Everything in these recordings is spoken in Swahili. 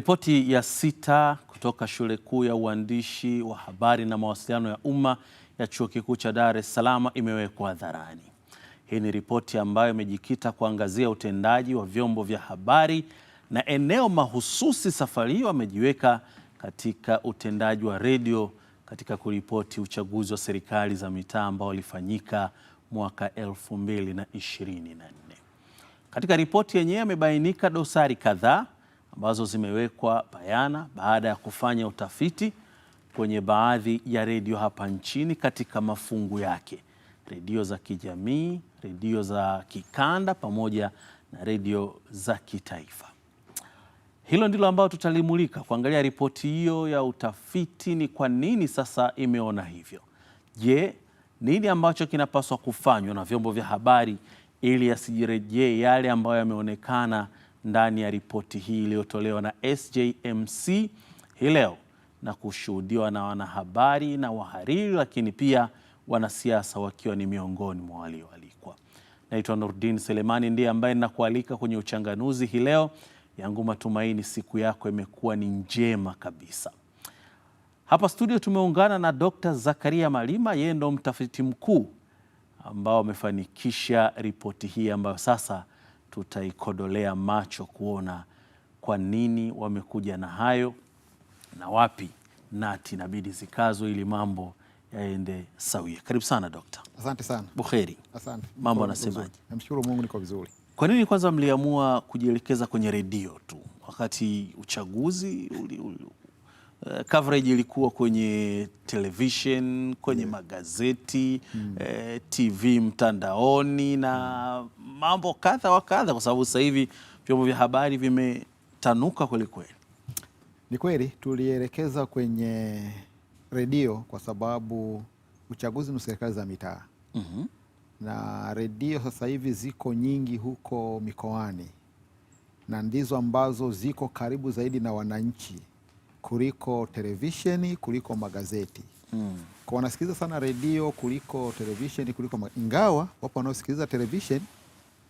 Ripoti ya sita kutoka shule kuu ya uandishi wa habari na mawasiliano ya umma ya chuo kikuu cha Dar es Salaam imewekwa hadharani. Hii ni ripoti ambayo imejikita kuangazia utendaji wa vyombo vya habari na eneo mahususi safari hiyo amejiweka katika utendaji wa redio katika kuripoti uchaguzi wa serikali za mitaa ambao ulifanyika mwaka 2024. Katika ripoti yenyewe amebainika dosari kadhaa ambazo zimewekwa bayana baada ya kufanya utafiti kwenye baadhi ya redio hapa nchini katika mafungu yake, redio za kijamii, redio za kikanda pamoja na redio za kitaifa. Hilo ndilo ambalo tutalimulika kuangalia ripoti hiyo ya utafiti, ni kwa nini sasa imeona hivyo. Je, nini ambacho kinapaswa kufanywa na vyombo vya habari ili yasijirejee yale ambayo yameonekana ndani ya ripoti hii iliyotolewa na SJMC hii leo na kushuhudiwa na wanahabari na wahariri, lakini pia wanasiasa wakiwa ni miongoni mwa walioalikwa. Naitwa Nurdin Selemani, ndiye ambaye ninakualika kwenye uchanganuzi hii leo. Yangu matumaini siku yako imekuwa ni njema kabisa. Hapa studio tumeungana na Dr. Zakaria Malima, yeye ndo mtafiti mkuu ambao amefanikisha ripoti hii ambayo sasa tutaikodolea macho kuona kwa nini wamekuja na hayo na wapi nati inabidi zikazwe ili mambo yaende sawia. Karibu sana dokta. Asante sana. Buheri. Asante. Mambo anasemaje? Namshukuru Mungu niko vizuri. Kwa nini kwanza mliamua kujielekeza kwenye redio tu wakati uchaguzi uli, uli, uh, coverage ilikuwa kwenye television, kwenye yeah. magazeti mm. eh, TV mtandaoni na mambo kadha wa kadha, kwa sababu sasa hivi vyombo vya habari vimetanuka kweli kweli. Ni kweli tulielekeza kwenye redio kwa sababu uchaguzi ni serikali za mitaa mm -hmm. na redio sasa hivi ziko nyingi huko mikoani na ndizo ambazo ziko karibu zaidi na wananchi kuliko televisheni kuliko magazeti mm. Kwa wanasikiliza sana redio kuliko televisheni kuliko ma... ingawa wapo wanaosikiliza televisheni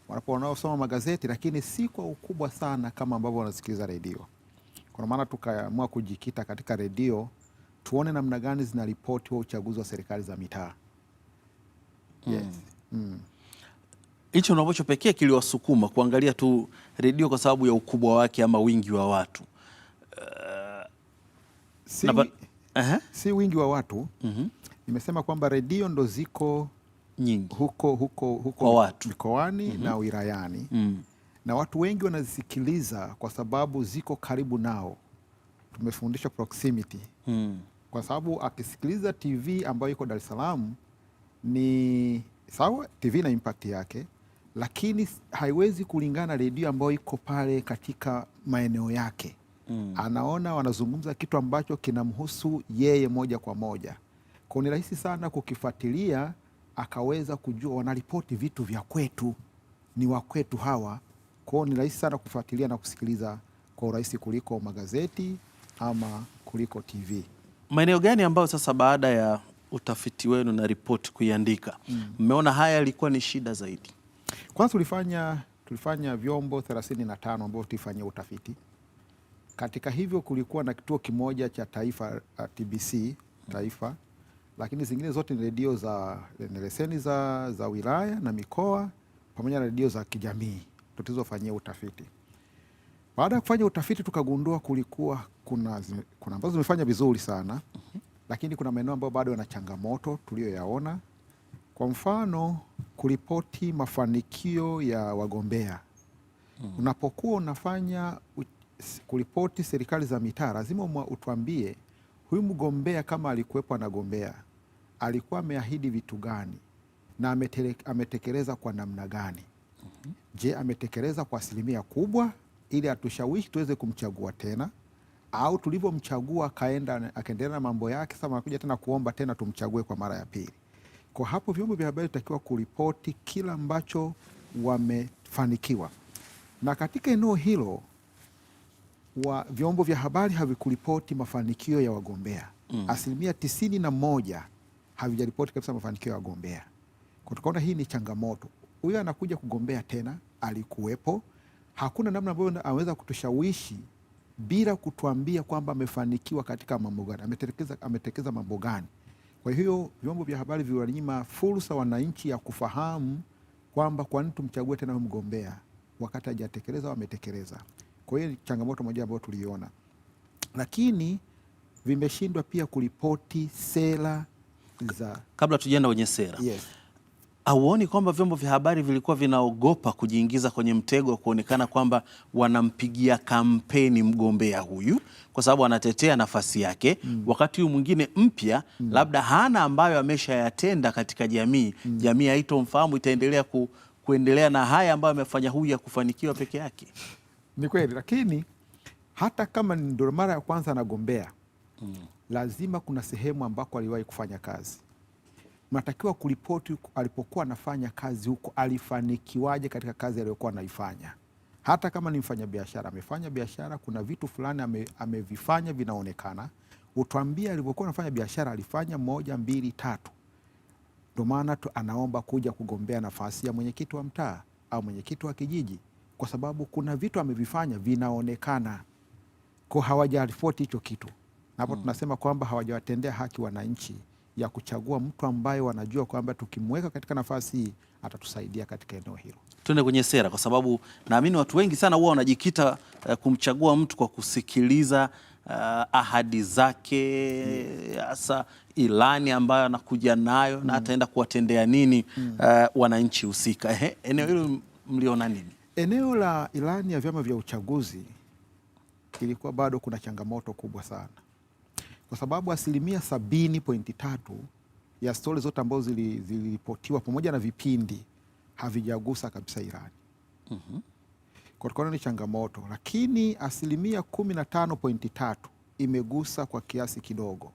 wanapo wanaosoma magazeti, lakini si kwa ukubwa sana kama ambavyo wanasikiliza redio. Kwa maana tukaamua kujikita katika redio, tuone namna gani zinaripoti wa uchaguzi wa serikali za mitaa hmm. Hmm. hicho. yes. mm. mm. ambacho pekee kiliwasukuma kuangalia tu redio kwa sababu ya ukubwa wake ama wingi wa watu uh, si, uh -huh. si wingi wa watu mm -hmm. Nimesema kwamba redio ndo ziko nyingi huko, huko, huko mikoani mm -hmm. na wilayani mm na watu wengi wanazisikiliza kwa sababu ziko karibu nao. tumefundishwa proximity mm kwa sababu akisikiliza TV ambayo iko Dar es Salaam ni sawa, TV na impact yake, lakini haiwezi kulingana redio ambayo iko pale katika maeneo yake mm. anaona wanazungumza kitu ambacho kinamhusu yeye moja kwa moja, kwa ni rahisi sana kukifuatilia, akaweza kujua wanaripoti vitu vya kwetu, ni wa kwetu hawa. Kwao ni rahisi sana kufuatilia na kusikiliza kwa urahisi kuliko magazeti ama kuliko TV. Maeneo gani ambayo sasa baada ya utafiti wenu na ripoti kuiandika mm. mmeona mm. haya yalikuwa ni shida zaidi? Kwanza tulifanya tulifanya vyombo 35 ambavyo tulifanyia utafiti. Katika hivyo kulikuwa na kituo kimoja cha taifa uh, TBC taifa, lakini zingine zote ni redio za leseni za, za wilaya na mikoa pamoja na redio za kijamii ndo tulizofanyia utafiti. Baada ya kufanya utafiti tukagundua kulikuwa kuna, kuna ambazo zimefanya vizuri sana mm -hmm. Lakini kuna maeneo ambayo bado yana changamoto tuliyoyaona, kwa mfano kuripoti mafanikio ya wagombea mm -hmm. Unapokuwa unafanya kuripoti serikali za mitaa, lazima utuambie huyu mgombea kama alikuwepo anagombea alikuwa ameahidi vitu gani na ametekeleza kwa namna gani? mm -hmm. Je, ametekeleza kwa asilimia kubwa ili atushawishi tuweze kumchagua tena, au tulivyomchagua akaenda akaendelea na mambo yake, sasa anakuja tena kuomba tena tumchague kwa mara ya pili? Kwa hapo vyombo vya habari vitakiwa kuripoti kila ambacho wamefanikiwa, na katika eneo hilo wa vyombo vya habari havikuripoti mafanikio ya wagombea mm. Asilimia tisini na moja havijaripoti kabisa mafanikio ya wagombea, kwa tukaona hii ni changamoto. Huyo anakuja kugombea tena, alikuwepo, hakuna namna ambayo anaweza kutushawishi bila kutuambia kwamba amefanikiwa katika mambo gani, ametekeleza ametekeza mambo gani. Kwa hiyo vyombo vya habari viwanyima fursa wananchi ya kufahamu kwamba kwa nini tumchague tena mgombea wakati hajatekeleza au ametekeleza. Kwa hiyo changamoto moja ambayo tuliona, lakini vimeshindwa pia kuripoti sera za. Kabla tujaenda kwenye sera, yes. Hauoni kwamba vyombo vya habari vilikuwa vinaogopa kujiingiza kwenye mtego wa kuonekana kwamba wanampigia kampeni mgombea huyu kwa sababu anatetea nafasi yake mm. wakati huyu mwingine mpya mm. labda hana ambayo ameshayatenda katika jamii mm. jamii haitomfahamu, itaendelea ku, kuendelea na haya ambayo amefanya huyu ya kufanikiwa peke yake. Ni kweli, lakini hata kama ndo mara ya kwanza anagombea mm. lazima kuna sehemu ambako aliwahi kufanya kazi natakiwa kuripoti alipokuwa anafanya kazi huko, alifanikiwaje katika kazi aliyokuwa anaifanya. Hata kama ni mfanya biashara, amefanya biashara, kuna vitu fulani ame, amevifanya vinaonekana, utwambie alivyokuwa anafanya biashara, alifanya moja, mbili, tatu. Ndo maana anaomba kuja kugombea nafasi ya mwenyekiti wa mtaa au mwenyekiti wa kijiji kwa sababu kuna vitu amevifanya vinaonekana ko hawajaripoti hicho kitu na hapo mm. tunasema kwamba hawajawatendea haki wananchi ya kuchagua mtu ambaye wanajua kwamba tukimweka katika nafasi hii atatusaidia katika eneo hilo. Tuende kwenye sera, kwa sababu naamini watu wengi sana huwa wanajikita uh, kumchagua mtu kwa kusikiliza uh, ahadi zake mm. hasa mm. ilani ambayo anakuja nayo mm. na ataenda kuwatendea nini mm. uh, wananchi husika. eneo hilo mm. mliona nini? Eneo la ilani ya vyama vya uchaguzi ilikuwa bado kuna changamoto kubwa sana, kwa sababu asilimia sabini pointi tatu ya stori zote ambazo ziliripotiwa pamoja na vipindi havijagusa kabisa ilani mm -hmm. Kwa ni changamoto, lakini asilimia kumi na tano pointi tatu imegusa kwa kiasi kidogo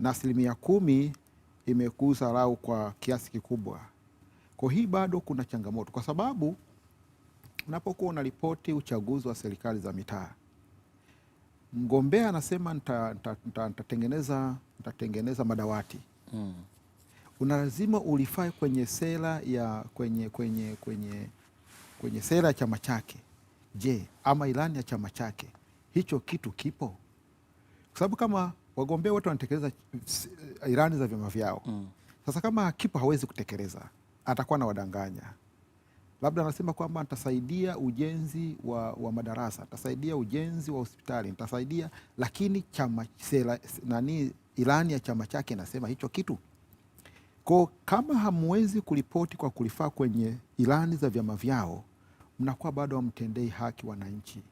na asilimia kumi imegusa lau kwa kiasi kikubwa. Kwa hii bado kuna changamoto kwa sababu unapokuwa unaripoti uchaguzi wa serikali za mitaa, mgombea anasema nitatengeneza nta madawati mm. una lazima ulifai kwenye sera ya kwenye, kwenye, kwenye, kwenye sera ya chama chake, je, ama ilani ya chama chake, hicho kitu kipo? Kwa sababu kama wagombea wote wanatekeleza eh, ilani za vyama vyao mm. Sasa kama kipo hawezi kutekeleza, atakuwa na wadanganya labda anasema kwamba nitasaidia ujenzi wa, wa madarasa, nitasaidia ujenzi wa hospitali, nitasaidia, lakini chama sela, nani ilani ya chama chake inasema hicho kitu ko. Kama hamwezi kuripoti kwa kulifaa kwenye ilani za vyama vyao, mnakuwa bado hamtendei haki wananchi,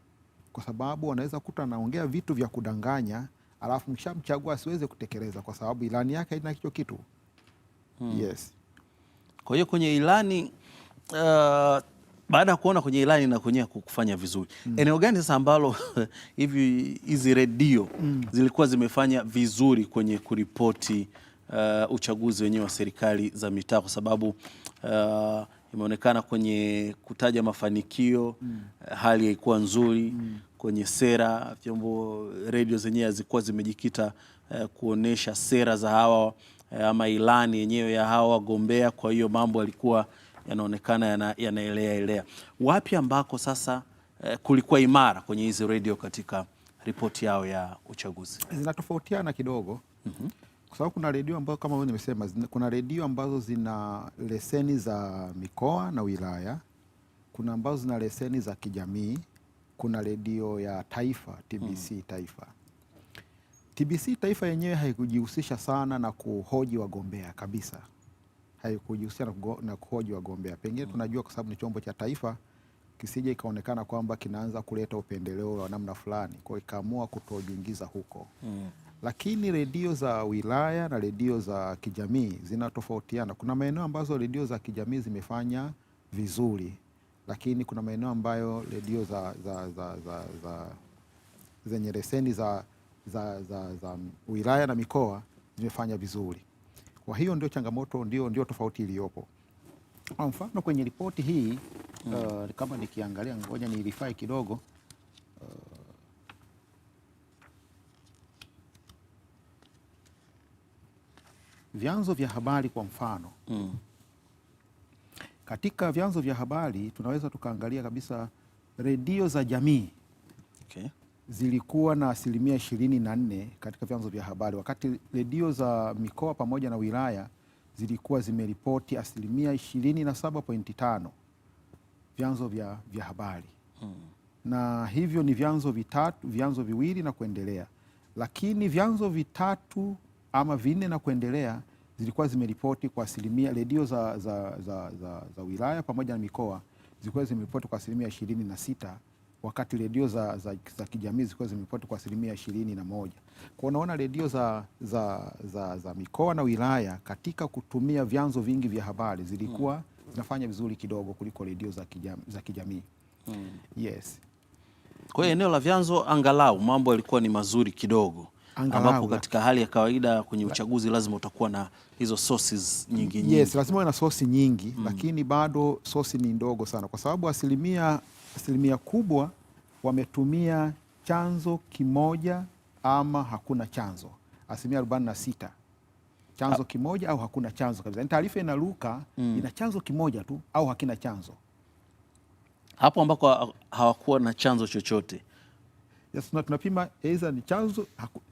kwa sababu wanaweza kuta anaongea vitu vya kudanganya, alafu mshamchagua asiweze kutekeleza kwa sababu ilani yake haina hicho kitu hmm. Yes, kwa hiyo kwenye ilani uh, baada ya kuona kwenye ilani na kwenye kufanya vizuri mm. eneo gani sasa ambalo hivi hizi redio mm. zilikuwa zimefanya vizuri kwenye kuripoti uh, uchaguzi wenyewe wa serikali za mitaa, kwa sababu uh, imeonekana kwenye kutaja mafanikio mm. Uh, hali haikuwa nzuri mm. kwenye sera, vyombo redio zenyewe hazikuwa zimejikita uh, kuonesha sera za hawa uh, ama ilani yenyewe ya hawa wagombea, kwa hiyo mambo yalikuwa yanaonekana yanaelea elea. Wapi ambako sasa eh, kulikuwa imara kwenye hizi redio katika ripoti yao ya uchaguzi? Zinatofautiana kidogo mm -hmm. Kwa sababu kuna redio ambazo kama wewe nimesema kuna redio ambazo zina leseni za mikoa na wilaya, kuna ambazo zina leseni za kijamii, kuna redio ya taifa TBC mm. Taifa TBC Taifa yenyewe haikujihusisha sana na kuhoji wagombea kabisa haikujihusisha na kuhoji wagombea. Pengine mm. tunajua kwa sababu ni chombo cha taifa, kisije ikaonekana kwamba kinaanza kuleta upendeleo wa namna fulani, kwa ikaamua kutojiingiza huko mm. Lakini redio za wilaya na redio za kijamii zinatofautiana. Kuna maeneo ambazo redio za kijamii zimefanya vizuri, lakini kuna maeneo ambayo redio za, za, za, za, za, zenye leseni za, za, za, za wilaya na mikoa zimefanya vizuri. Kwa hiyo ndio changamoto, ndio, ndio tofauti iliyopo. Kwa mfano kwenye ripoti hii mm. uh, kama nikiangalia, ngoja nilifai kidogo uh, vyanzo vya habari kwa mfano mm. Katika vyanzo vya habari tunaweza tukaangalia kabisa redio za jamii okay zilikuwa na asilimia ishirini na nne katika vyanzo vya habari, wakati redio za mikoa pamoja na wilaya zilikuwa zimeripoti asilimia tano vyanzo vya, vya habari hmm. Na hivyo ni vyanzo vitatu, vyanzo viwili na kuendelea, lakini vyanzo vitatu ama vinne na kuendelea zilikuwa zimeripoti kwa asilimia redio za, za, za, za, za wilaya pamoja na mikoa zilikuwa zimeripoti kwa asilimia ishirini na sita wakati redio za, za, za kijamii zilikuwa zimepata kwa asilimia ishirini na moja. Kwa unaona redio za, za, za, za mikoa na wilaya katika kutumia vyanzo vingi vya habari zilikuwa hmm. zinafanya vizuri kidogo kuliko redio za, kijam, za kijamii hmm. yes. Kwa hiyo eneo la vyanzo angalau mambo yalikuwa ni mazuri kidogo ambapo katika hali ya kawaida kwenye uchaguzi lazima utakuwa na hizo sources nyingi nyingi. Yes, lazima uwe na sosi nyingi mm. Lakini bado sosi ni ndogo sana, kwa sababu asilimia asilimia kubwa wametumia chanzo kimoja ama hakuna chanzo, asilimia 46 chanzo ah. kimoja au hakuna chanzo kabisa. Ni yaani taarifa inaruka mm. ina chanzo kimoja tu au hakina chanzo, hapo ambako hawakuwa na chanzo chochote. Yes, tunapima aidha ni chanzo,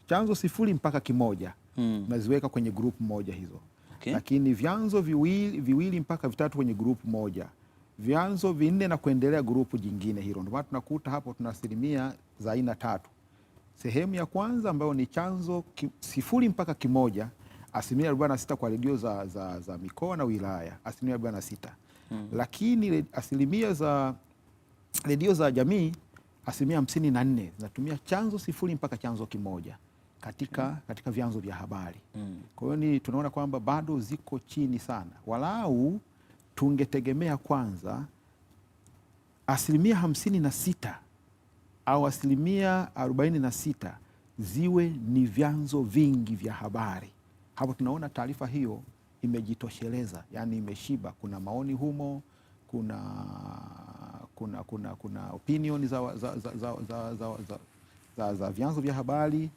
chanzo sifuri mpaka kimoja mm. naziweka kwenye grupu moja hizo okay. Lakini vyanzo viwili, viwili mpaka vitatu kwenye grupu moja vyanzo vinne na kuendelea, grupu jingine hilo. Ndio maana tunakuta hapo tuna asilimia za aina tatu. Sehemu ya kwanza ambayo ni chanzo ki, sifuri mpaka kimoja, asilimia sita kwa redio za, za, za mikoa na wilaya, asilimia sita Hmm. Lakini asilimia za redio za jamii asilimia nne zinatumia chanzo sifuri mpaka chanzo kimoja katika, hmm. katika vyanzo vya habari. Hmm. Kwa hiyo ni tunaona kwamba bado ziko chini sana walau tungetegemea kwanza asilimia hamsini na sita au asilimia arobaini na sita ziwe ni vyanzo vingi vya habari. Hapo tunaona taarifa hiyo imejitosheleza, yaani imeshiba. Kuna maoni humo, kuna kuna kuna kuna opinion za, za, za, za, za, za, za, za, za vyanzo vya habari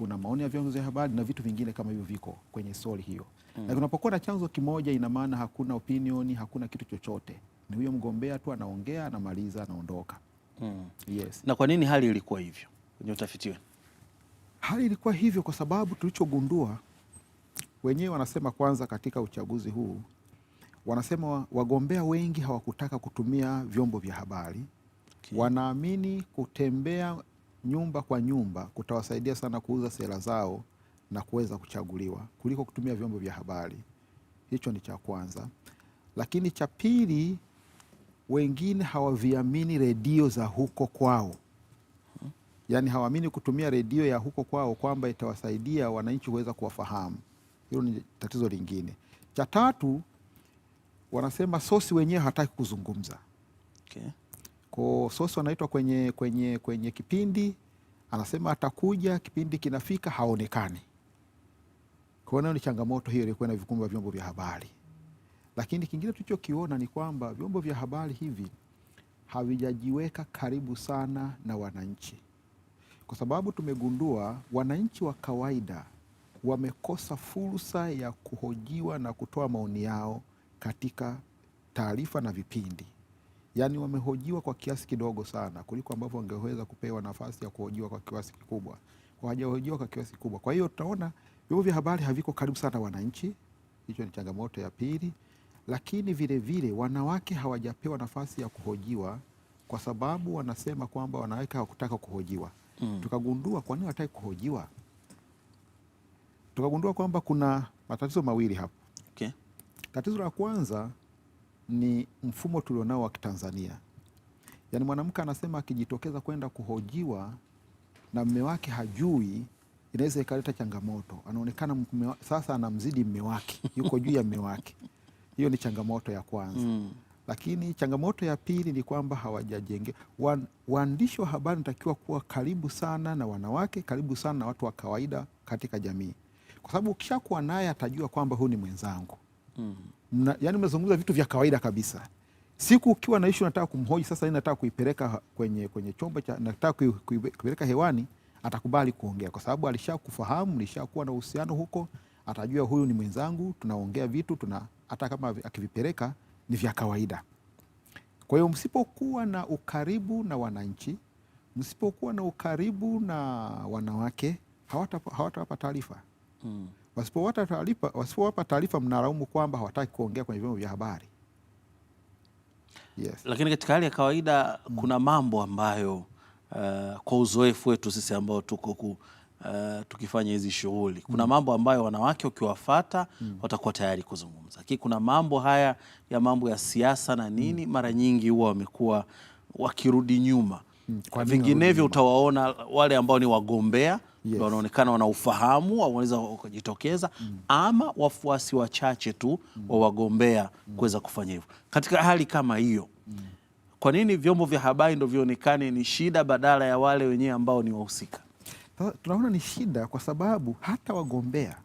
kuna maoni ya vyombo vya habari na vitu vingine kama hivyo viko kwenye story hiyo mm. Lakini unapokuwa na chanzo kimoja, ina maana hakuna opinion, hakuna kitu chochote, ni huyo mgombea tu anaongea, anamaliza, anaondoka mm. Yes. Na kwa nini hali ilikuwa hivyo kwenye utafiti wenu? Hali ilikuwa hivyo kwa sababu tulichogundua wenyewe wanasema kwanza, katika uchaguzi huu wanasema wagombea wengi hawakutaka kutumia vyombo vya habari okay. Wanaamini kutembea nyumba kwa nyumba kutawasaidia sana kuuza sera zao na kuweza kuchaguliwa kuliko kutumia vyombo vya habari. Hicho ni cha kwanza, lakini cha pili, wengine hawaviamini redio za huko kwao, yaani hawaamini kutumia redio ya huko kwao kwamba itawasaidia wananchi kuweza kuwafahamu. Hilo ni tatizo lingine. Cha tatu, wanasema sosi wenyewe hataki kuzungumza okay. Kwa Sosi anaitwa kwenye, kwenye, kwenye kipindi, anasema atakuja, kipindi kinafika haonekani. Kwa hiyo ni changamoto hiyo ilikuwa inavikumba vyombo vya habari, lakini kingine tulichokiona ni kwamba vyombo vya habari hivi havijajiweka karibu sana na wananchi, kwa sababu tumegundua wananchi wa kawaida wamekosa fursa ya kuhojiwa na kutoa maoni yao katika taarifa na vipindi yani wamehojiwa kwa kiasi kidogo sana kuliko ambavyo wangeweza kupewa nafasi ya kuhojiwa kwa kiasi kikubwa, hawajahojiwa kwa kiasi kikubwa. Kwa hiyo tutaona vyombo vya habari haviko karibu sana wananchi, hicho ni changamoto ya pili. Lakini vilevile vile, wanawake hawajapewa nafasi ya kuhojiwa kwa sababu wanasema kwamba wanawake hawakutaka kuhojiwa mm. Tukagundua kwa nini hawataki kuhojiwa, tukagundua kwamba kuna matatizo mawili hapo okay. Tatizo la kwanza ni mfumo tulionao wa Kitanzania. Yaani mwanamke anasema akijitokeza kwenda kuhojiwa na mme wake hajui, inaweza ikaleta changamoto. Anaonekana sasa anamzidi mme wake, yuko juu ya mme wake. Hiyo ni changamoto ya kwanza mm. Lakini changamoto ya pili ni kwamba hawajajenge wan, waandishi wa habari natakiwa kuwa karibu sana na wanawake, karibu sana na watu wa kawaida katika jamii, kwa sababu ukishakuwa naye atajua kwamba huu ni mwenzangu mm mna, yani mnazungumza vitu vya kawaida kabisa. Siku ukiwa na ishu nataka kumhoji sasa, nataka kuipeleka kwenye, kwenye chombo cha nataka kuipeleka hewani, atakubali kuongea kwa sababu alishakufahamu, lishakuwa na uhusiano huko, atajua huyu ni mwenzangu, tunaongea vitu tuna hata kama akivipeleka ni vya kawaida. Kwa hiyo msipokuwa na ukaribu na wananchi, msipokuwa na ukaribu na wanawake, hawatawapa hawata taarifa mm. Wasipowapa taarifa, wasipowapa taarifa mnalaumu kwamba hawataki kuongea kwenye vyombo vya habari. Yes. Lakini katika hali ya kawaida mm. kuna mambo ambayo uh, kwa uzoefu wetu sisi ambao tuko ku, uh, tukifanya hizi shughuli kuna mm. mambo ambayo wanawake ukiwafata mm. watakuwa tayari kuzungumza, lakini kuna mambo haya ya mambo ya siasa na nini mm. mara nyingi huwa wamekuwa wakirudi nyuma mm. vinginevyo utawaona wale ambao ni wagombea yes. wanaonekana wana ufahamu au wanaweza wakajitokeza mm. ama wafuasi wachache tu mm. wa wagombea mm. kuweza kufanya hivyo. Katika hali kama hiyo mm. kwa nini vyombo vya habari ndio vionekane ni shida badala ya wale wenyewe ambao ni wahusika? tunaona ni shida kwa sababu hata wagombea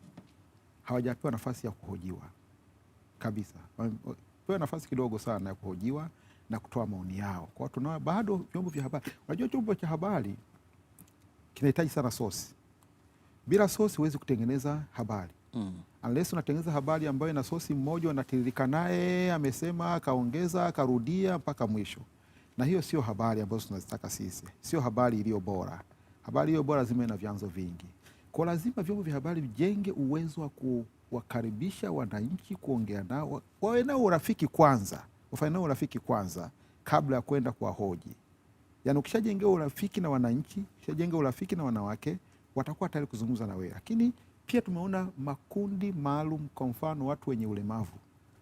hawajapewa nafasi ya kuhojiwa kabisa, pewa nafasi kidogo sana ya kuhojiwa na kutoa maoni yao. Kwa hiyo tunaona bado vyombo vya habari, unajua chombo cha habari kinahitaji sana sosi. Bila sosi huwezi kutengeneza habari mm. Unless unatengeneza habari ambayo ina sosi mmoja, unatiririka naye, amesema, akaongeza, akarudia mpaka mwisho, na hiyo sio habari ambazo tunazitaka sisi, sio habari iliyo bora. Habari hiyo bora lazima ina vyanzo vingi, kwa lazima vyombo vya habari vijenge uwezo wa kuwakaribisha wananchi, kuongea nao, wawe nao urafiki kwanza, wafanye nao urafiki kwanza kabla ya kwenda kuwahoji. Yaani ukishajenga urafiki na wananchi, ukishajenga urafiki na wanawake, watakuwa tayari kuzungumza na wewe. Lakini pia tumeona makundi maalum, kwa mfano watu wenye ulemavu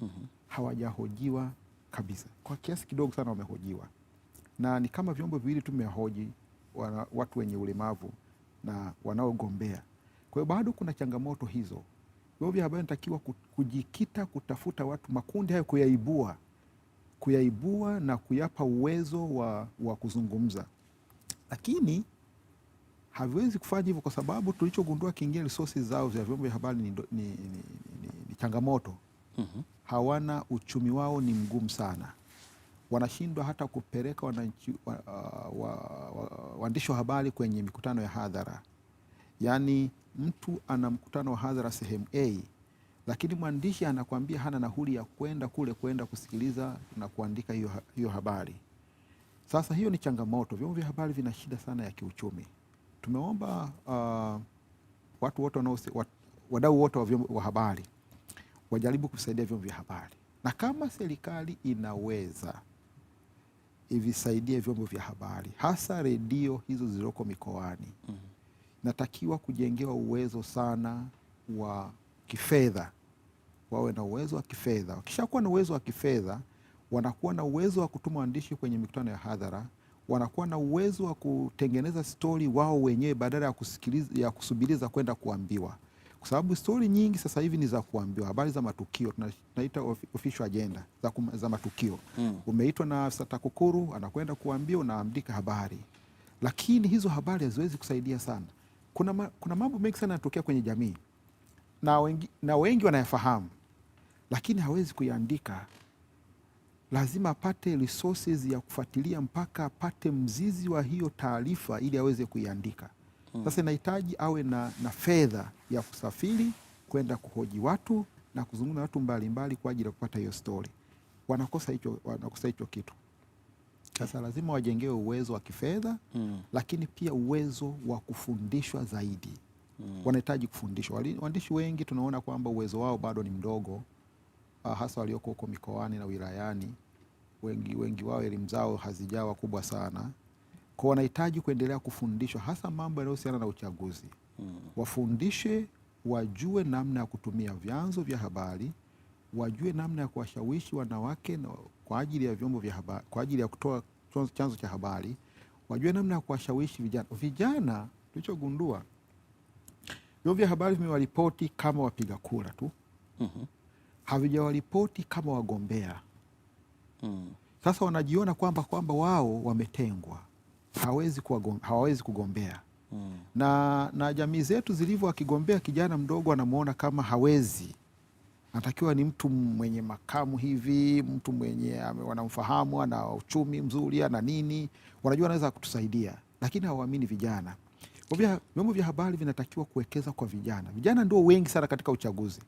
mm -hmm. hawajahojiwa kabisa, kwa kiasi kidogo sana wamehojiwa, na ni kama vyombo viwili tu watu wenye ulemavu na wanaogombea. Kwa hiyo bado kuna changamoto hizo. Vyombo vya habari vinatakiwa kujikita kutafuta watu makundi hayo, kuyaibua kuyaibua na kuyapa uwezo wa, wa kuzungumza, lakini haviwezi kufanya hivyo kwa sababu tulichogundua kingine, resources zao vya vyombo vya habari ni, ni, ni, ni, ni changamoto mm -hmm. Hawana, uchumi wao ni mgumu sana, wanashindwa hata kupeleka wananchi waandishi uh, wa, wa, wa, wa habari kwenye mikutano ya hadhara. Yaani mtu ana mkutano wa hadhara sehemu A lakini mwandishi anakwambia hana nauli ya kwenda kule kwenda kusikiliza na kuandika hiyo, hiyo habari. Sasa hiyo ni changamoto. Vyombo vya habari vina shida sana ya kiuchumi. Tumeomba uh, watu wote wat, wadau wote wa vyombo vya habari wajaribu kusaidia vyombo vya habari, na kama serikali inaweza ivisaidie vyombo vya habari hasa redio hizo zilizoko mikoani. mm -hmm. Natakiwa kujengewa uwezo sana wa kifedha, wawe na uwezo wa kifedha. Wakishakuwa na uwezo wa kifedha, wanakuwa na uwezo wa kutuma waandishi kwenye mikutano ya hadhara, wanakuwa na uwezo wa kutengeneza stori wao wenyewe badala ya kusikiliza, ya kusubiriza kwenda kuambiwa, kwa sababu stori nyingi sasa hivi ni za kuambiwa, habari za matukio tunaita official agenda za, kum, za matukio mm. Umeitwa na afisa TAKUKURU anakwenda kuambiwa, unaandika habari, lakini hizo habari haziwezi kusaidia sana. Kuna, ma, kuna mambo mengi sana yanatokea kwenye jamii na wengi, na wengi wanayafahamu lakini hawezi kuiandika. Lazima apate resources ya kufuatilia mpaka apate mzizi wa hiyo taarifa ili aweze kuiandika. Hmm. Sasa inahitaji awe na, na fedha ya kusafiri kwenda kuhoji watu na kuzungumza watu mbalimbali kwa ajili ya kupata hiyo stori. Wanakosa hicho, wanakosa hicho kitu. Sasa lazima wajengewe uwezo wa kifedha hmm, lakini pia uwezo wa kufundishwa zaidi mm. wanahitaji kufundishwa. Waandishi wengi tunaona kwamba uwezo wao bado ni mdogo, uh, hasa walioko huko mikoani na wilayani. Wengi, wengi wao elimu zao hazijawa kubwa sana, kwa wanahitaji kuendelea kufundishwa, hasa mambo yanayohusiana na uchaguzi mm. wafundishe, wajue namna ya kutumia vyanzo vya habari, wajue namna ya kuwashawishi wanawake kwa ajili ya vyombo vya habari, kwa ajili ya kutoa chanzo cha habari, wajue namna ya kuwashawishi vijana. Vijana tulichogundua Vyombo vya habari vimewaripoti kama wapiga kura tu mm -hmm. havijawaripoti kama wagombea mm. Sasa wanajiona kwamba kwamba wao wametengwa, hawawezi hawawezi kugombea mm. na, na jamii zetu zilivyo, akigombea kijana mdogo anamwona kama hawezi, anatakiwa ni mtu mwenye makamu hivi, mtu mwenye wanamfahamu, ana uchumi mzuri, ana nini, wanajua anaweza kutusaidia, lakini hawaamini vijana vyombo vya habari vinatakiwa kuwekeza kwa vijana. Vijana ndio wengi sana katika uchaguzi,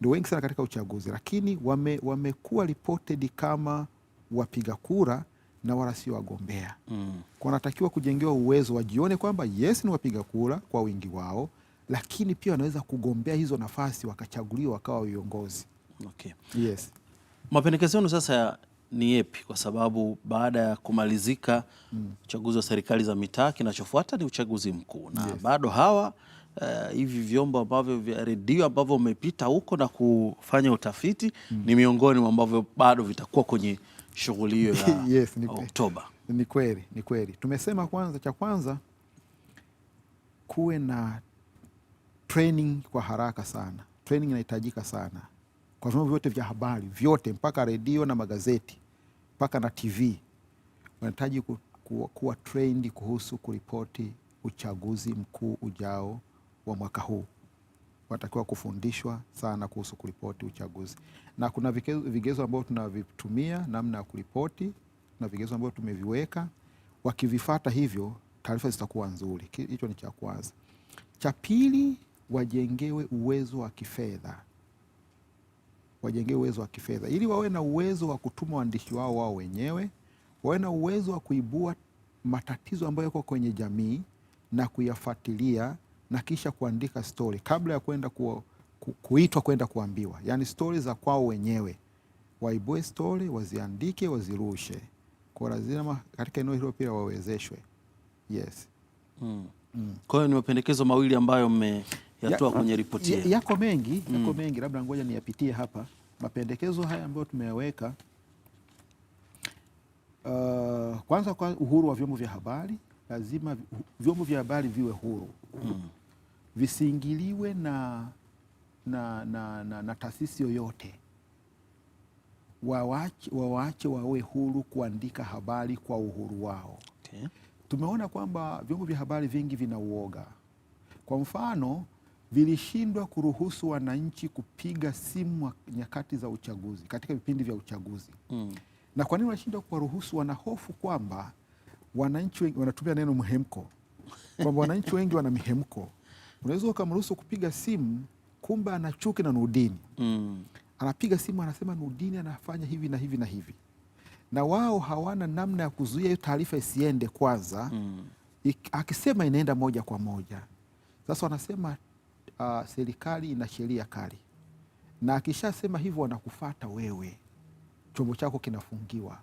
ndio wengi sana katika uchaguzi, lakini wamekuwa wame reported kama wapiga kura na wala sio wagombea mm. wanatakiwa kujengewa uwezo wajione kwamba yes ni wapiga kura kwa wingi wao, lakini pia wanaweza kugombea hizo nafasi wakachaguliwa wakawa viongozi okay. Yes, mapendekezo yenu sasa ni yepi? Kwa sababu baada ya kumalizika uchaguzi wa serikali za mitaa, kinachofuata ni uchaguzi mkuu na yes. bado hawa Uh, hivi vyombo ambavyo vya redio ambavyo umepita huko na kufanya utafiti mm. ni miongoni mwa ambavyo bado vitakuwa kwenye shughuli hiyo ya yes, ni Oktoba. Ni kweli, ni kweli. Tumesema kwanza, cha kwanza kuwe na training kwa haraka sana. Training inahitajika sana kwa vyombo vyote vya habari vyote, mpaka redio na magazeti mpaka na TV wanahitaji ku, ku, kuwa trendi kuhusu kuripoti uchaguzi mkuu ujao wa mwaka huu. Wanatakiwa kufundishwa sana kuhusu kuripoti uchaguzi, na kuna vigezo ambavyo tunavitumia namna ya kuripoti na vigezo ambavyo tumeviweka. Wakivifata hivyo, taarifa zitakuwa nzuri. Hicho ni cha kwanza. Cha pili, wajengewe uwezo wa kifedha wajengee uwezo wa kifedha, ili wawe na uwezo wa kutuma waandishi wao wao wenyewe, wawe na uwezo wa kuibua matatizo ambayo yako kwenye jamii na kuyafuatilia na kisha kuandika stori kabla ya kwenda ku, ku, kuitwa kwenda kuambiwa, yani stori za kwao wenyewe waibue stori, waziandike, wazirushe. Kwa lazima katika eneo hilo pia wawezeshwe. Yes. Mm. Mm. Kwa hiyo ni mapendekezo mawili ambayo mme yatoa ya, kwenye ripoti yenu? Yako mengi, yako mm. mengi, labda ngoja niyapitie hapa mapendekezo haya ambayo tumeyaweka. Uh, kwanza kwa uhuru wa vyombo vya habari, lazima vyombo vya habari viwe huru mm. visiingiliwe na, na, na, na, na taasisi yoyote Wawache, wawache wawe huru kuandika habari kwa uhuru wao. Okay. Tumeona kwamba vyombo vya habari vingi vina uoga. Kwa mfano vilishindwa kuruhusu wananchi kupiga simu nyakati za uchaguzi, katika vipindi vya uchaguzi mm. Na kwa nini wanashindwa kuwaruhusu? Wanahofu kwamba wananchi wengi wanatumia neno mhemko, kwamba wananchi wengi wana mihemko. Unaweza ukamruhusu kupiga simu, kumbe ana chuki na Nurdini mm. Anapiga simu anasema Nurdini anafanya hivi na hivi na hivi, na wao hawana namna ya kuzuia hiyo taarifa isiende kwanza mm. Akisema inaenda moja kwa moja, sasa wanasema uh, serikali ina sheria kali, na akishasema hivyo wanakufata wewe, chombo chako kinafungiwa.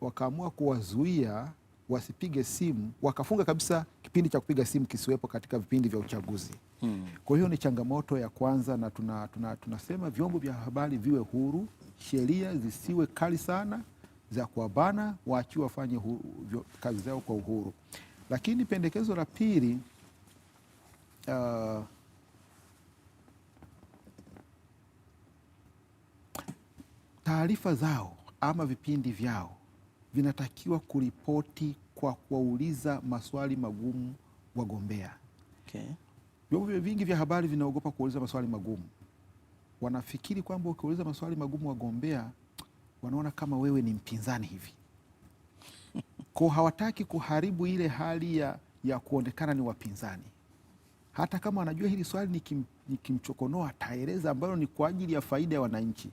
Wakaamua kuwazuia wasipige simu, wakafunga kabisa kipindi cha kupiga simu kisiwepo katika vipindi vya uchaguzi. Hmm. Kwa hiyo ni changamoto ya kwanza, na tunasema tuna, tuna vyombo vya habari viwe huru, sheria zisiwe kali sana za kuwabana, waachiwe wafanye kazi zao kwa uhuru. Lakini pendekezo la pili Uh, taarifa zao ama vipindi vyao vinatakiwa kuripoti kwa kuwauliza maswali magumu wagombea. Vyombo okay, vingi vya habari vinaogopa kuuliza maswali magumu. Wanafikiri kwamba ukiuliza maswali magumu wagombea wanaona kama wewe ni mpinzani hivi ko hawataki kuharibu ile hali ya, ya kuonekana ni wapinzani hata kama anajua hili swali nikim, nikimchokonoa ataeleza ambalo ni kwa ajili ya faida ya wananchi.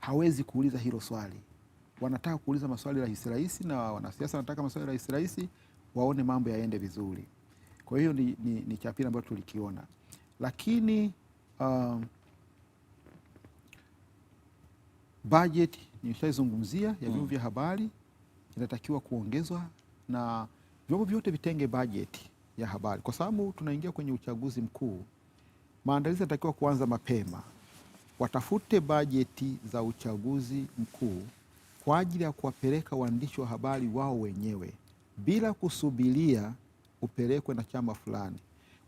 Hawezi kuuliza hilo swali. Wanataka kuuliza maswali rahisi rahisi, na wanasiasa wanataka maswali rahisi rahisi, waone mambo yaende vizuri. Kwa hiyo ni, ni, ni cha pili ambacho tulikiona, lakini um, bajeti nishaizungumzia ya vyombo hmm. vya habari inatakiwa kuongezwa na vyombo vyote vitenge bajeti ya habari, kwa sababu tunaingia kwenye uchaguzi mkuu. Maandalizi yanatakiwa kuanza mapema, watafute bajeti za uchaguzi mkuu kwa ajili ya kuwapeleka waandishi wa habari wao wenyewe bila kusubiria upelekwe na chama fulani,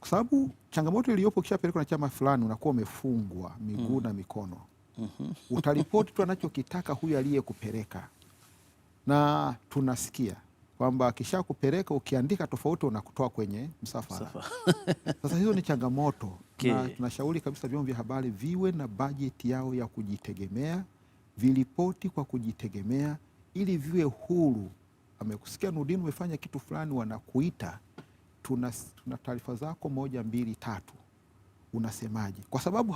kwa sababu changamoto iliyopo, ukishapelekwa na chama fulani unakuwa umefungwa miguu na mm. mikono mm-hmm. utaripoti tu anachokitaka huyu aliyekupeleka, na tunasikia kwamba akishakupeleka ukiandika tofauti unakutoa kwenye msafara. Sasa hizo ni changamoto okay. Na tunashauri kabisa vyombo vya habari viwe na bajeti yao ya kujitegemea, vilipoti kwa kujitegemea ili viwe huru. Amekusikia Nurdin, umefanya kitu fulani, wanakuita tuna, tuna taarifa zako moja mbili tatu, unasemaje? Kwa sababu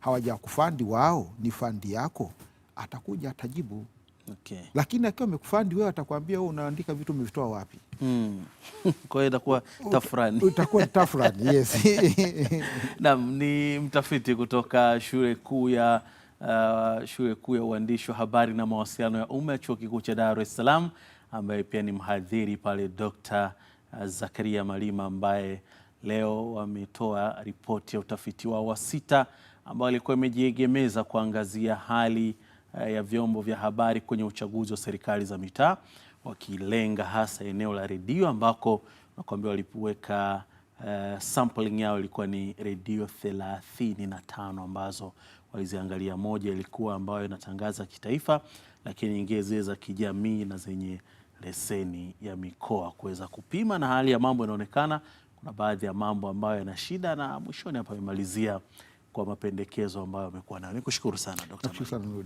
hawajakufandi wao, ni fandi yako, atakuja atajibu okay. Lakini akiwa amekufandi wewe atakwambia wewe unaandika vitu umevitoa wapi? mm. Kwa hiyo itakuwa tafrani, itakuwa tafrani yes. Naam, ni mtafiti kutoka shule kuu ya uh, shule kuu ya uandishi wa habari na mawasiliano ya umma ya chuo kikuu cha Dar es Salaam ambaye pia ni mhadhiri pale Dr. Uh, Zakaria Malima ambaye leo wametoa ripoti ya utafiti wao wa sita ambayo ilikuwa imejiegemeza kuangazia hali Eh, ya vyombo vya habari kwenye uchaguzi wa serikali za mitaa, wakilenga hasa eneo la redio ambako nakwambia walipoweka uh, eh, sampling yao ilikuwa ni redio thelathini na tano ambazo waliziangalia. Moja ilikuwa ambayo inatangaza kitaifa, lakini nyingine zile za kijamii na zenye leseni ya mikoa, kuweza kupima na hali ya mambo inaonekana kuna baadhi ya mambo ambayo yana shida, na mwishoni hapa amemalizia kwa mapendekezo ambayo amekuwa nayo. Nikushukuru sana Dr. Mimi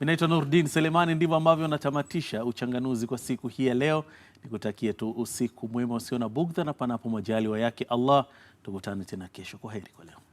naitwa Nurdin Selemani, ndivyo ambavyo natamatisha uchanganuzi kwa siku hii ya leo. Nikutakie tu usiku mwema usio na bugdha, na panapo majaliwa yake Allah tukutane tena kesho. Kwa heri kwa leo.